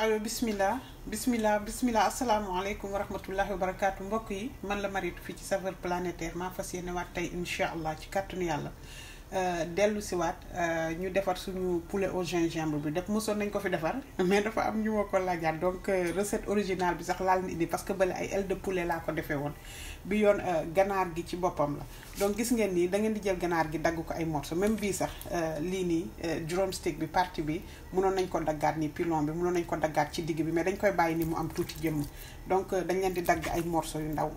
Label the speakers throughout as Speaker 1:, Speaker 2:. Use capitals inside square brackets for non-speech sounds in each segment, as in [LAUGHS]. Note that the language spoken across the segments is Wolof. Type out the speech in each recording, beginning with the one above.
Speaker 1: allo bismillah bismillah bismillah asalaamaaleykum wa rahmatullahi wa barakaatu mbokk yi man la Maritou fii ci Saveurs Planétaires maa fas yéene waat tey incha allah ci kàttanu yàlla Euh, dellu siwaat euh, ñu defar suñu poulet au gingembre bi def mosoon nañ ko fi defar mais dafa am ñu ma ko laajaat donc euh, recette originale bi sax laal na indi parce que bale ay aile de poulet laa ko defee woon bi yoon ganaar gi ci boppam la donc gis ngeen ni da ngeen di jël ganaar gi dagg ko ay morceaux même bii sax lii nii drumstick bi partie bi mënoon nañ ko daggaat ni pilon bi mënoon nañ ko daggaat ci digg bi mais dañ koy bàyyi ni mu am tuuti jëmm donc dañ leen di dagg ay morceaux yu ndaw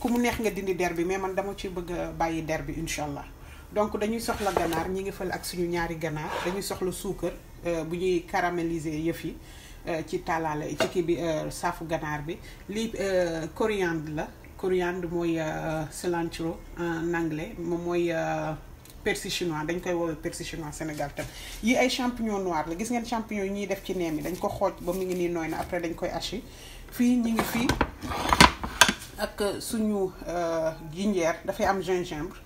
Speaker 1: ku mu neex nga dindi der bi mais man dama ci bëgg a bàyyi der bi incha allah donc dañuy soxla ganaar ñi ngi fël ak suñu ñaari ganaar dañuy soxla suukar euh, bu ñuy caraméliser yëf yi euh, ci taalaale ci kii bi euh, saafu ganaar bi lii coriandre la coriandre mooy cilantro en anglais moom mooy persil chinois dañ koy woowee persil chinois Sénégal tam yi ay champignon noir la gis ngeen champignon yi ñuy def ci neem yi dañ ko xooj ba mu ngi nii nooy na après dañ koy haché fii ñi ngi fii ak suñu gingembre dafay am gingembre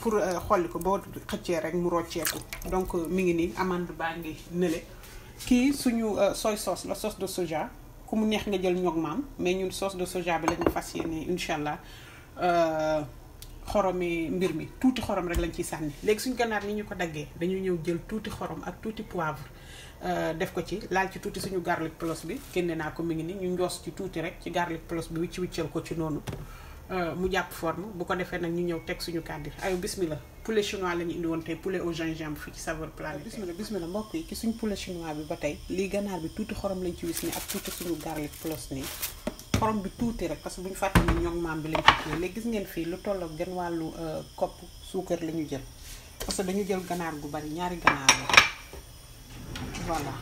Speaker 1: pour euh, xol ko bo xëccee rek mu ko donc mi ngi ni amande ba ngi nële ki suñu euh, soy sauce la sauce de soja ku mu neex nga jël ñok maam mais ñun sauce de soja bi lañu fas inshallah euh allah mbir mi tuuti xorom rek lañ ci sanni léegi suñu ganar ni ñu ko daggé dañu ñëw jël tuuti xorom ak tuuti poivre euh, def ko ci laal ci tuuti suñu garlic plus bi génne naa ko mi ngi ni ñu njoos ci tuuti rek ci garlic plus bi wicci wiccal ko ci noonu Euh, mu jàpp forme bu ko defee nag ñu ñëw teg suñu kàddu ay bismillah poulet chinois la indi woon tey poulet au gingembre fii ci saveur planétaire bismillah bismillah mbokk yi ci suñ poulet chinois bi ba tey lii ganaar bi tuuti xorom lañ ci wis nii ak tuuti suñu garlic plus nii xorom bi tuuti rek parce que bu ñu fàtte ni ñoom maam bi lañ ci kii léegi gis ngeen fii lu tollook genn wàllu euh, kopp suukar la ñu jël parce que dañu jël ganaar gu bari ñaari ganaar la voilà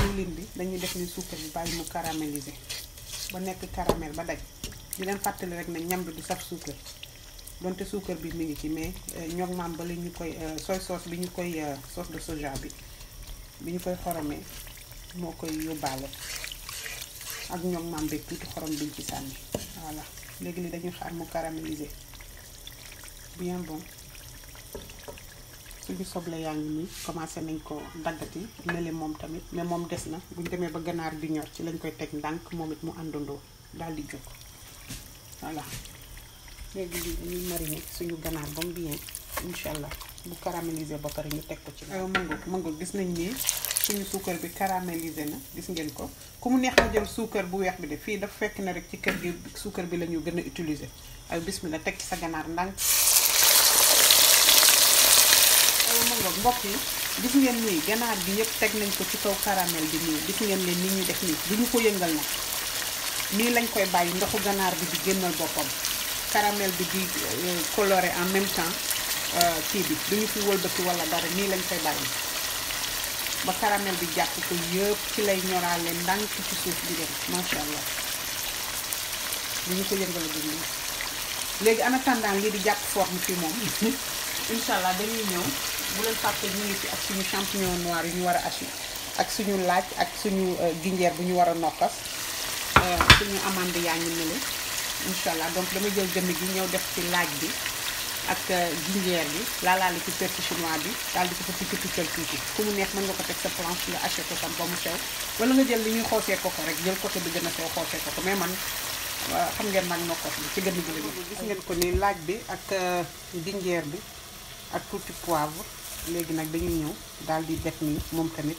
Speaker 1: diwlin bi def ni suukar bi bàyyi mu caraméliser ba nekk caramel ba daj di leen fàttali rek ne ñam bi du saf suukar donte suukar bi mi ngi ci mais euh, ñoog maam ba la ñu koy euh, soy sauce bi ñu koy euh, sauce de soja bi bi ñu koy xoromee moo koy yóbbaale ak ñoog maam beeg tuuti xorom biñ ci sànni voilà léegi li dañuy xaar mu caraméliser bien bon. suñu soble yaa ngi nii commencé nañ ko daggati lële moom tamit mais moom des na buñ demee ba ganaar bi ñor ci lañ koy teg ndànk moom it mu àndandoo daal di jóg voilà léegi lii dañuy mariner suñu ganaar ba mu bien incha allah bu caramélisé ba pare ñu teg ko ci ay mango mango gis nañ ni suñu sucre bi caramélisé na gis ngeen ko ku mu neex na jël sucre bu weex bi de fii dafa fekk na rek ci kër gi sucre bi la ñu gën a utiliser ay bismillah teg ci sa ganaar ndànk aywa ma ngoog mbokk yi gis ngeen nii ganaar gi yëpp teg nañ ko ci kaw caramel bi nii gis ngeen leen nii ñuy def nii du ñu ko yëngal nag nii lañ koy bàyyi ndoxu ganaar bi di génnal boppam caramel bi di kolore euh, en même temps euh, kii bi du ñu fi wëlbati wala dara nii lañ koy bàyyi ba caramel bi jàpp ko yëpp ci lay ñoraale ndànk ci suuf bi dem macha allah du ko yëngal bu léegi en attendant lii di jàpp forme fii moom [LAUGHS] incha allah dañuy ñëw. bu leen fàtte ñu ngi ci ak suñu champignon noir yu ñu war a haché ak suñu laaj ak suñu euh, ginjeer bu ñu war a nokkas euh, suñu amande yaa ñu nele incha donc dama jël jëmm gi ñëw def ci laaj bi ak euh, ginjeer bi laalaale ci persil chinois bi daal di ko fa picc piccal tuuti ku mu neex nga ko teg sa planche nga haché wala jël li ñuy xoosee ko rek jël côté bi gën a sew xoosee ko mais man xam ngeen nag nokkas bi ci gën a ngeen ko laaj bi ak ginjeer bi ak tuuti poivre léegi nak dañuy ñëw daal di def ni moom tamit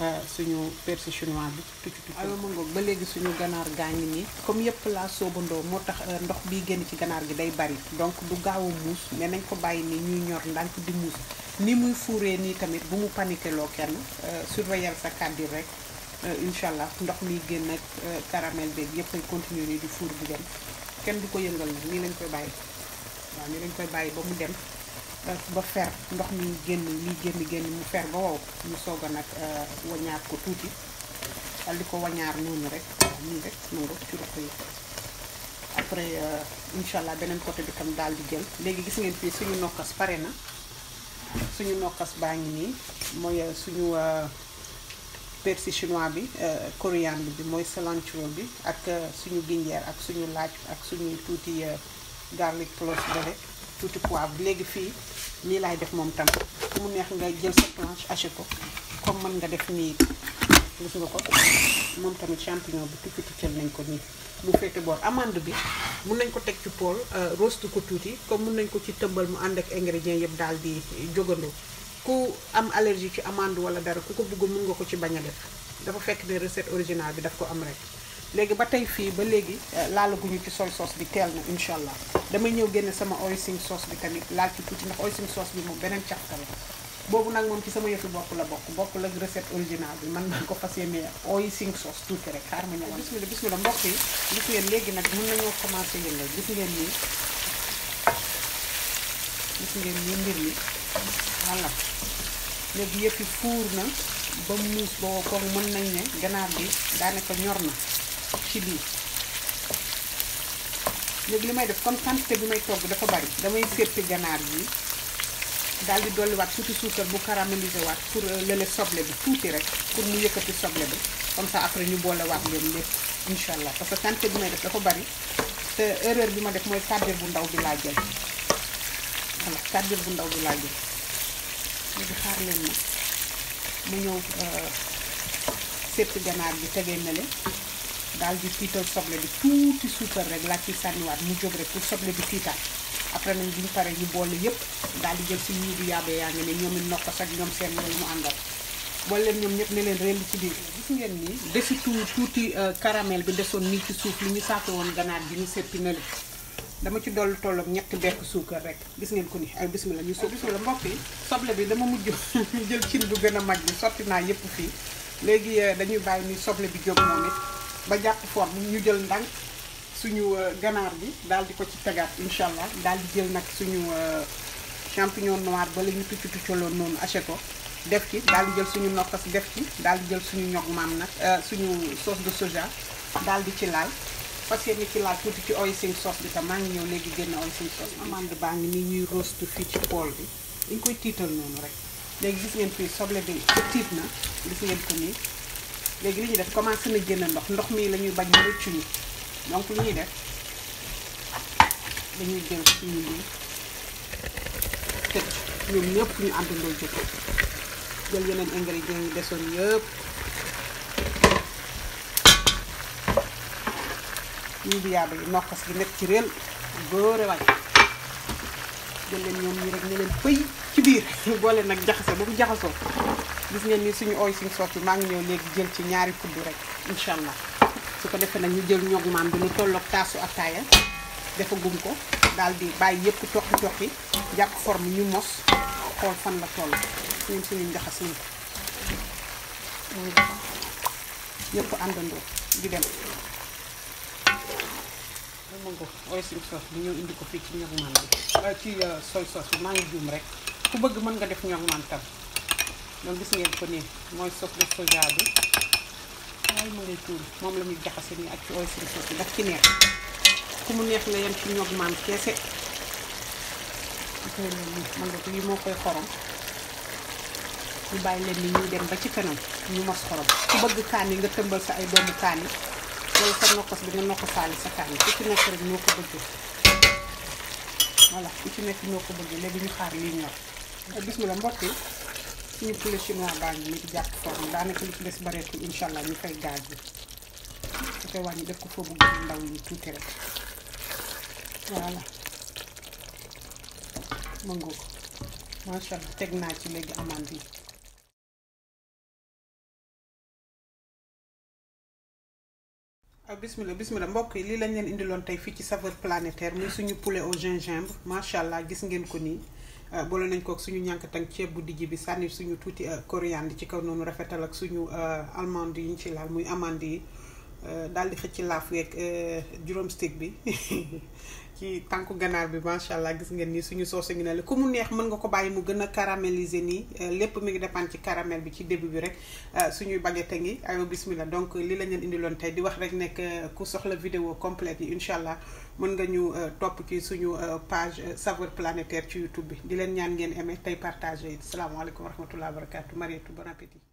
Speaker 1: euh, suñu persil chinois bi tucc tucc ayo ma ngoog ba léegi suñu ganaar gaa ni comme yépp la soobandoo moo tax euh, ndox bi génn ci ganaar gi day bari donc du gaaw a muus mais nañ ko bàyyi ni ñuy ñor ndànk di muus ni muy fuuree nii tamit bu mu paniqué loo kenn euh, surveiller sa kàddu rek incha allah ndox mi génn ak caramel beeg yépp ay continuer nii di fuur bi dem kenn du ko yëngal nag nii lañ koy bàyyi waaw nii lañ koy bàyyi ba mu dem Euh, ba fer ndox mi génn mi génn génn mu fer ba wow ñu soog a nag euh, wañaar ko tuuti dal ko wañaar noonu rek nii rek noonu rek ci roq yi après euh, incha beneen côté bi tam daal di jël léegi gis ngeen fii suñu nokkas pare na suñu nokkas baa ngi nii mooy suñu persil chinois bi coriandre bi mooy cilantro bi ak suñu ginjeer ak suñu laaj ak suñu tuuti garlic clove bële tuuti poivre léegi fii nii laay def moom tam mu neex nga jël sa planche haché ko comme mën nga def nii gis nga ko moom tamit champignon bu tuuti tuutal nañ ko nii mu féete boor amande bi mun nañ ko teg ci pool euh, rostu ko tuuti comme mun nañ ko ci tëmbal mu ànd ak ingrédients yëpp daal di jógandoo ku am allergie ci amande wala dara ku ko bëgg mun nga ko ci bañ a def dafa fekk ne recette originale bi daf ko am rek léegi ba tey fii ba léegi euh, laalaguñu ci soy soos bi teel na incha allah damay ñëw génne sama hoisin soos bi tamit laal ci tuuti ndax hoisin sauce bi moom beneen cafka boobu nag moom ci sama yëfi bopp la bokk bokkul ak recette originale bi man maa ko fas yéenee hoisin sauce tuuti rek xaar ma ñëwoon bismillah bismillah mbokk yi gis ngeen léegi nag mën nañoo commencé yëngal gis ngeen nii gis ngeen nii mbir mi voilà léegi yëfi fuur na ba muus boo ko mën nañ ne ganaar bi daanaka ñor na ci lii léegi li may def kon quantité bi may togg dafa bari damay seppi ganaar bi daal di dolliwaat tuuti suukar bu caramélisé waat pour euh, lële soble bi tuuti rek pour mu yëkkati soble bi kon ça après ñu boolewaat leen lépp incha allah parce que bi may def dafa bari te erreur bi ma def mooy kàddir bu ndaw bi laa jël voilà kàddir bu ndaw bi laa jël léegi xaar leen ma ñëw euh, seppi ganaar bi tegee na leen daal di tiital soble bi tuuti suukar rek laa ciy sànniwaat ñu jóg rek pour soble bi tiitaat après nañ di ñu paree ñu boole yëpp daal di jël si ñii bi yàbbee ne ñoom it nokkas ak ñoom seen loolu mu àndal boole leen ñoom ñëpp ne leen rend ci biir gis ngeen nii desi tuuti tuuti caramel bi desoon nii ci suuf li ñu saate woon ganaar bi ñu seppi na dama ci dollu tolloog ñetti bekk suukar rek gis ngeen ko ni ay bismillah ñu so bismillah mbokk yi soble bi dama mujj jël cin bu gën a mag bi sotti naa yëpp fii léegi dañuy bàyyi ni soble bi jóg moom it ba jàpp forme ñu jël ndànk suñu euh, ganaar bi daal di ko ci tegaat incha allah daal di jël nag suñu euh, champignon noir ba la ñu tucc tuccaloon noonu haché ko def ki daal di jël suñu nokkas def ci daal di jël suñu ñog maam nag euh, suñu sauce de soja daal di ci laal fas yéene ci laal tuuti ci hoisin sauce bi tam maa ngi ñëw léegi génn hoisin sauce bi. amande baa ngi nii ñuy roast fii ci pool bi dañ koy tiital noonu rek léegi gis ngeen fii soble bi tiit na gis ngeen ko léegi li ñuy def commencé na génn ndox ndox mii lañuy ñuy bañ mu rëccu ñu donc li ñuy def dañuy jël suñu lii tëj ñoom ñëpp ñu àndandoo jóg jël yeneen ingrédients yi desoon yëpp ñu bi yaaba gi nekk ci réel góore waay jël leen ñoom ñi rek ne leen pëy ci biir [LAUGHS] boole nag jaxase ba mu jaxasoo gis ngeen ni suñu ooy suñu sotti maa ngi ñëw léegi jël ci ñaari kuddu rek incha allah su ko defee nag ñu jël ñoog maam bi lu tolloog taasu attaaya defa gum ko daal di bàyyi yëpp toqi toqi jàpp forme ñu mos xool fan la toll ñun suñu njaxas ñu yëpp di dem ma ngo ooy suñu soos bi ñëw indi ko fii ci ñoog maam bi ci euh, soy bi maa ngi juum rek ku bëgg mën nga def ñoog maam tam loolu gis ngeen ko nii mooy soble bi ay ma moom la ñuy jaxase nii ak ci ooy ci neex ku mu neex nga yem ci ñoog maam keese ak koy xorom ñu bàyyi leen ni ñuy dem ci kanam ñu mos xorom bëgg kaan nga tëmbal sa ay doomu kaan yi wala sa nokkos bi nga nokkosaale sa kaan ku ci nekk rek ñoo ko bëggee voilà ku ci nekk ñoo ko bëgg léegi ñu xaar lii ñor bismillah mbokk yi suñu poulet chinois baa ngi nii jàpp forme daanaka li ci des bareetul incha allah ñu fay gaz bi su koy wàññi def ko foofu bu ndaw yi tuuti rek voilà mëngoo allah teg naa ci léegi amande yi. waaw ah, bismillah bismillah mbokk yi lii lañ leen indiloon tey fii ci saveur planétaire muy suñu poulet au gingembre macha allah gis ngeen ko nii. Euh, boole nañ kook suñu ñànk tang ceeb bu dijj bi sànni suñu tuuti euh, coriandre ci kaw noonu rafetal ak suñu euh, almande yi ñu ci laal muy amande yi Euh, daal di xëcc laaf weeg euh, juróom stick bi [LAUGHS] ci tànku ganaar bi macha allah gis ngeen ni suñu soose ngi ne la ku mu neex mën nga ko bàyyi mu gën a caraméliser nii euh, lépp mi ngi dépendre ci caramel bi ci début bi rek suñuy baguette ngi ayo bismillah donc li la leen indiloon tey di wax rek nekk ku soxla vidéo complète yi incha allah mën nga ñu topp ci suñu page saveur planétaire ci youtube bi di leen ñaan ngeen aimé tey partagé it salaamaaleykum wa rahmatullah wa barakatu marietu bon appétit